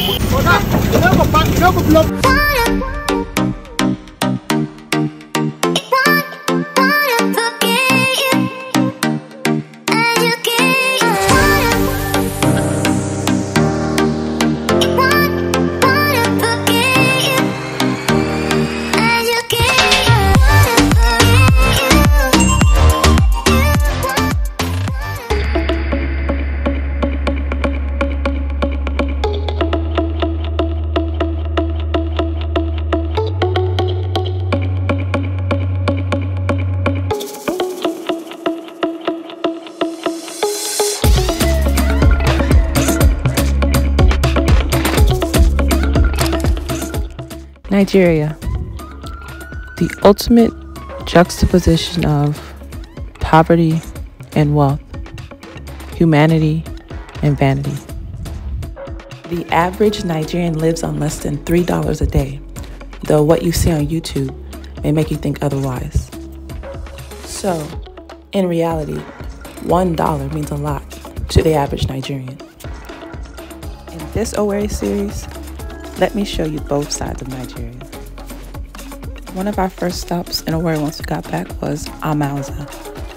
我呢？怎么跑？怎么跑？Nigeria. The ultimate juxtaposition of poverty and wealth, humanity and vanity. The average Nigerian lives on less than $3 a day, though what you see on YouTube may make you think otherwise. So, in reality, $1 means a lot to the average Nigerian. In this Oware series, let me show you both sides of Nigeria. One of our first stops in Owerri once we got back was Amauza.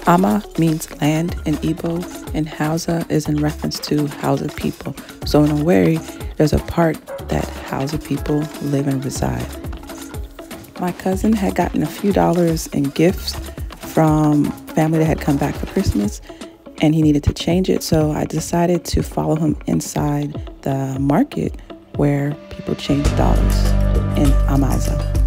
Ama means land in Igbo, and Hausa is in reference to Hausa people. So in Owerri, there's a part that Hausa people live and reside. My cousin had gotten a few dollars in gifts from family that had come back for Christmas, and he needed to change it. So I decided to follow him inside the market where people change dollars in Amazon.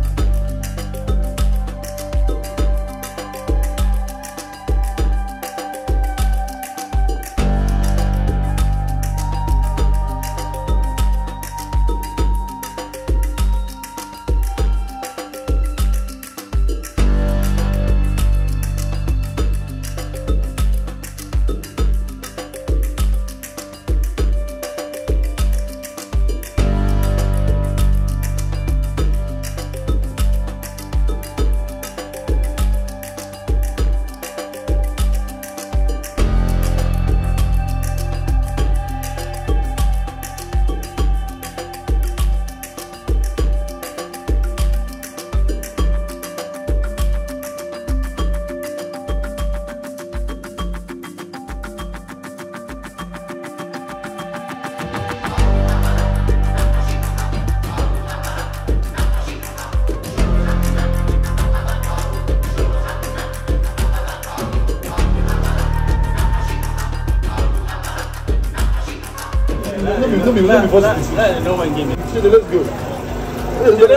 let's go. Let's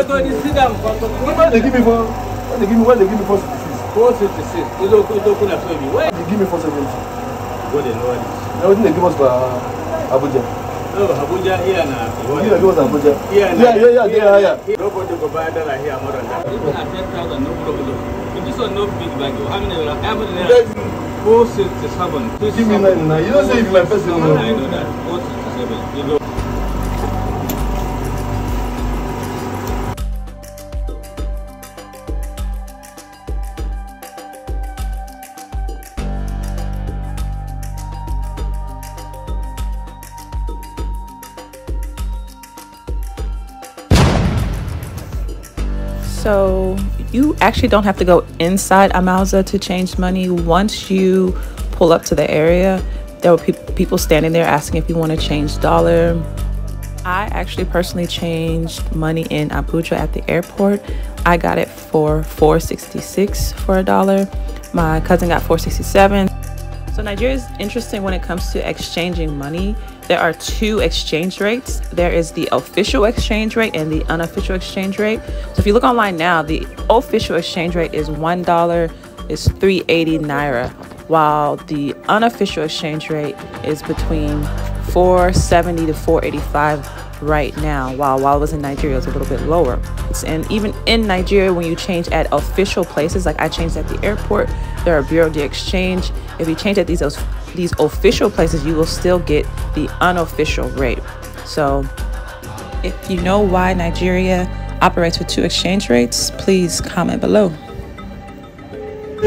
go and sit down. Why they give me for? Why they give me? Why they give me first please? First please, You don't, you don't come and me. Why they give me first please? God, they know it. didn't they give us for uh, Abuja? No, oh, Abuja here na. You give us Abuja. Yeah, yeah, yeah, yeah, yeah. Nobody go buy that here more than that. Even at ten thousand, no problem this one no big bag. How many naira? How many naira? Four sixty seven. Give me nine. You don't say if my person. No, I know that. Four sixty seven. So you actually don't have to go inside Amazza to change money. Once you pull up to the area, there were pe people standing there asking if you want to change dollar. I actually personally changed money in Abuja at the airport. I got it for 466 for a dollar. My cousin got 467. So Nigeria is interesting when it comes to exchanging money there are two exchange rates there is the official exchange rate and the unofficial exchange rate so if you look online now the official exchange rate is one dollar is 380 naira while the unofficial exchange rate is between 470 to 485 right now while while I was in Nigeria it was a little bit lower and even in Nigeria when you change at official places like I changed at the airport there are Bureau de Exchange if you change at these these official places, you will still get the unofficial rate. So if you know why Nigeria operates with two exchange rates, please comment below. Hey,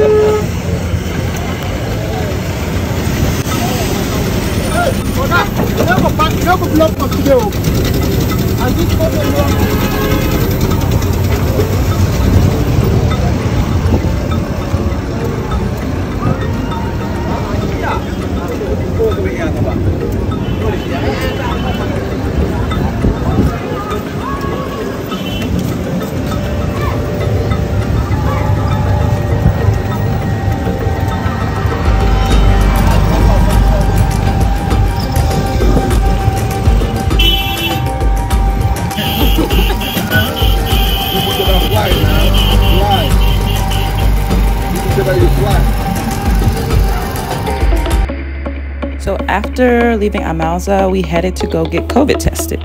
after leaving Amalza, we headed to go get COVID tested.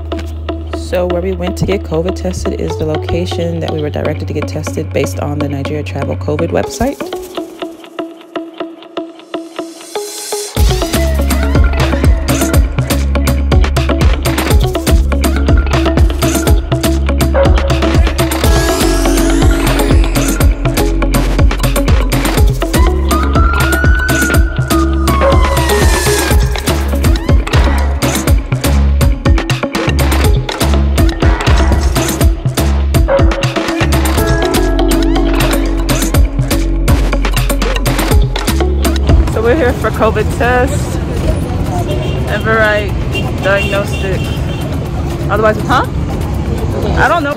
So where we went to get COVID tested is the location that we were directed to get tested based on the Nigeria Travel COVID website. COVID test, Everite diagnostic. Otherwise, huh? I don't know.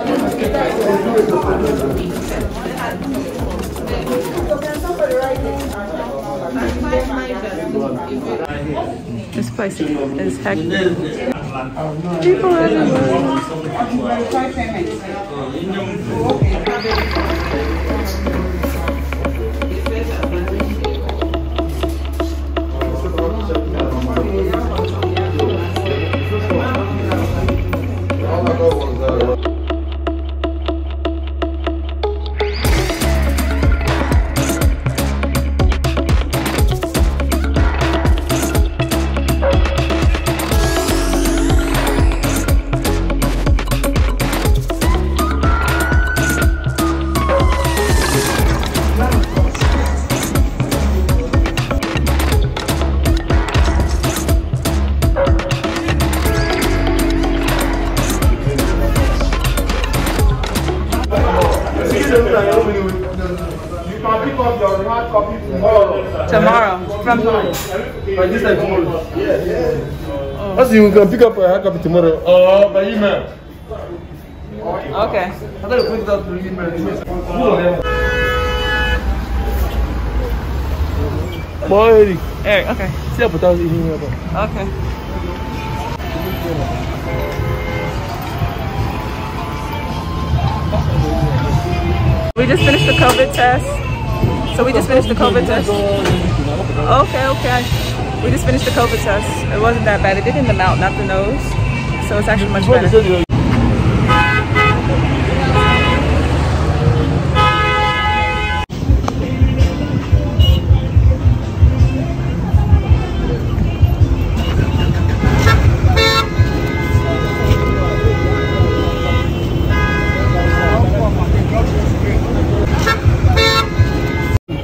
This place is hectic. People everywhere. from Yeah, yeah. Oh. Also, you can pick up a uh, hard copy tomorrow. Uh, by email. Okay. I gotta put it that to email. Boy, Eric. Eric, okay. See, I put out email. Okay. We just finished the COVID test. So we just finished the COVID test. Okay, okay. We just finished the COVID test. It wasn't that bad. It did in the mouth, not the nose. So it's actually much better.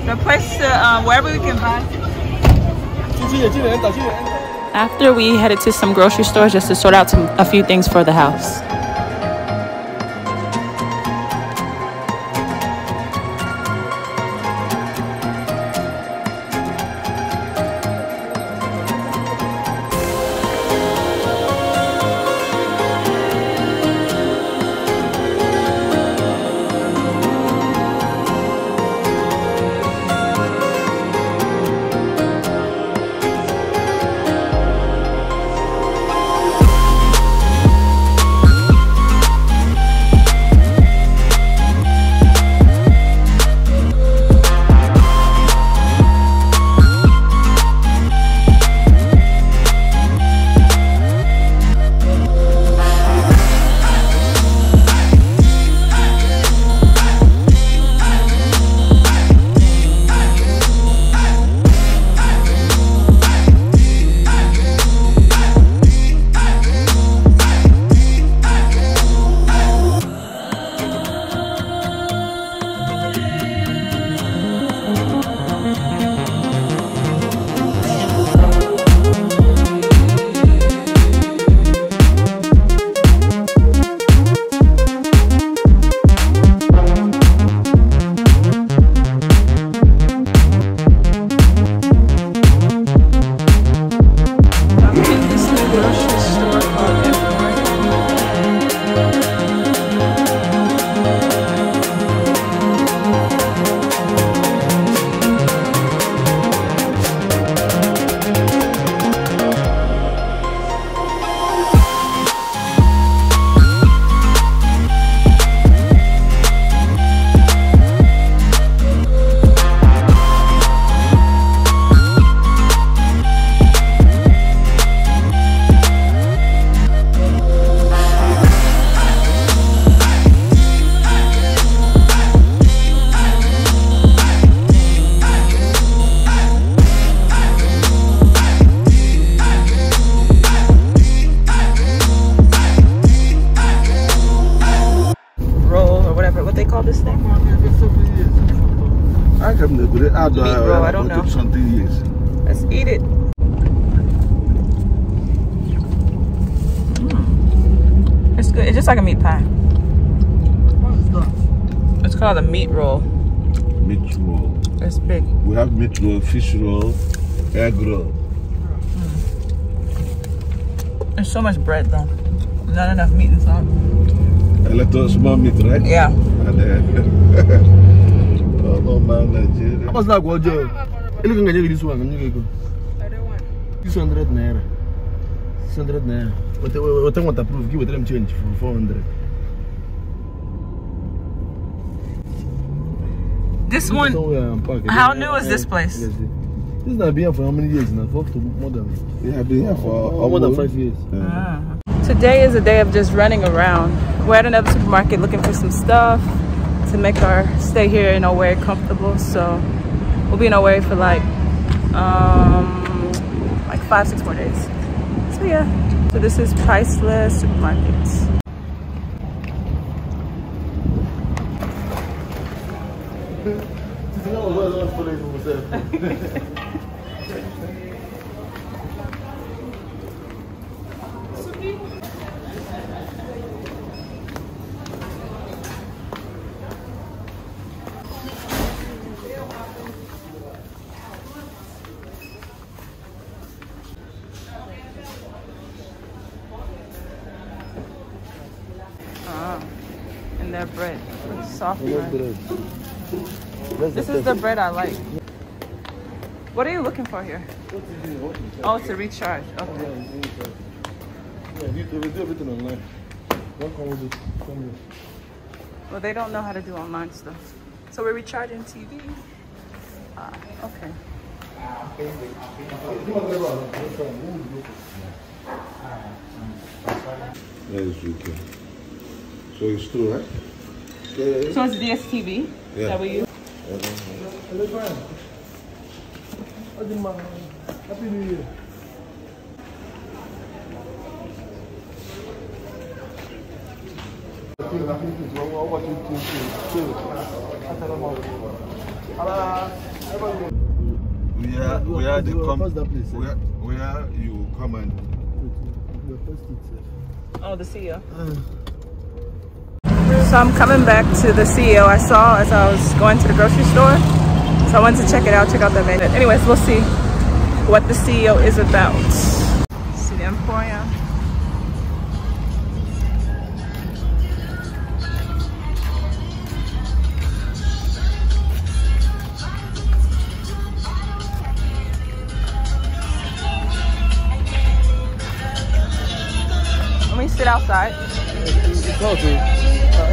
the place to uh, um, wherever we can buy after we headed to some grocery stores just to sort out some, a few things for the house. what they call this thing? I have no good. I don't, Meat I, I don't know. Something years. Let's eat it. Mm. It's good. It's just like a meat pie. It's called a meat roll. Meat roll. It's big. We have meat roll, fish roll, egg roll. Mm. There's so much bread though. Not enough meat inside. A little small meat, right? Yeah. What's that word? You're looking at this one. This hundred naira. Six hundred naira. What what I want to prove? Give them change for four hundred. This one. How new is this eh, place? This has been here for how many years now? more than. Yeah, been here for more than five years. Ah. Today is a day of just running around. We're at another supermarket looking for some stuff to make our stay here in way comfortable. So we'll be in way for like, um, like five, six more days. So yeah, so this is Priceless Supermarkets. coffee bread. This is the bread I like. What are you looking for here? Oh, to recharge. Okay. Well, they don't know how to do online stuff. So we're recharging TV. Uh, ah, okay. That is okay. So it's true, right? good. So it's DSTV yeah. that we use. Happy New Year. We are, we are the place where, where you come and. Oh, the CEO. Uh. So I'm coming back to the CEO I saw as I was going to the grocery store. So I wanted to check it out, check out the menu. Anyways, we'll see what the CEO is about. See the Let me sit outside.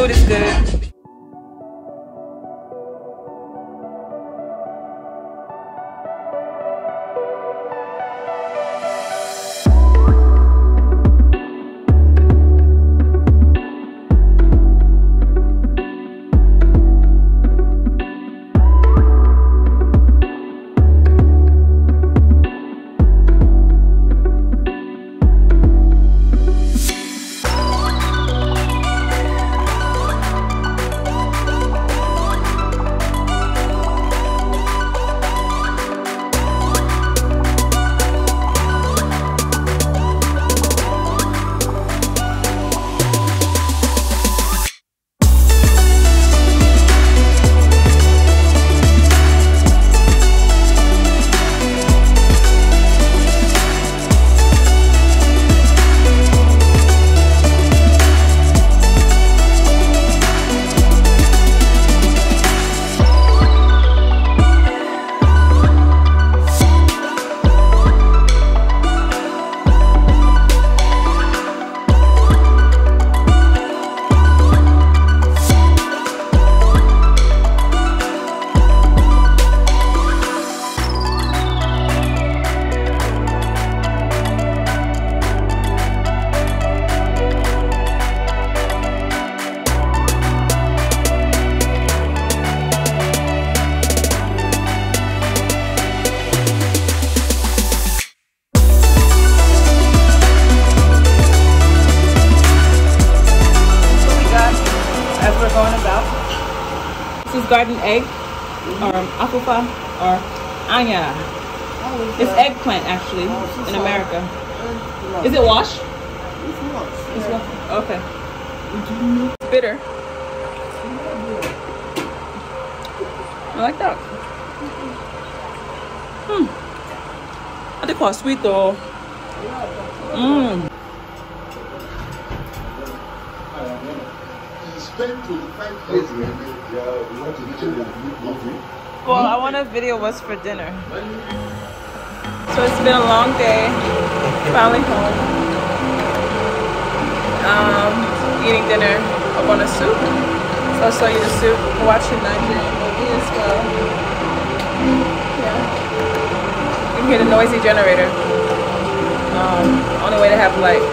food is good. or anya. It's eggplant actually oh, in America. Uh, Is it wash? It's wash. It's wash. Okay. It's bitter. I like that. Hmm. I think quite sweet though. Mmm. Spend 25 Yeah, you want to well, I want to video what's for dinner. So it's been a long day. Finally home. Um, eating dinner. I want a soup. So I'll show you the soup. We're watching Nigerian movie as well. Yeah. You can hear the noisy generator. Um, only way to have light.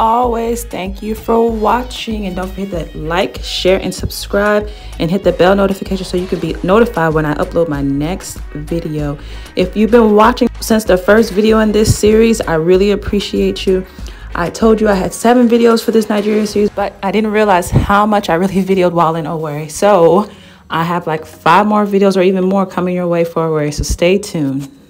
always, thank you for watching. And don't forget to like, share, and subscribe. And hit the bell notification so you can be notified when I upload my next video. If you've been watching since the first video in this series, I really appreciate you. I told you I had seven videos for this Nigeria series, but I didn't realize how much I really videoed while in Owerri. So I have like five more videos or even more coming your way for Owerri, so stay tuned.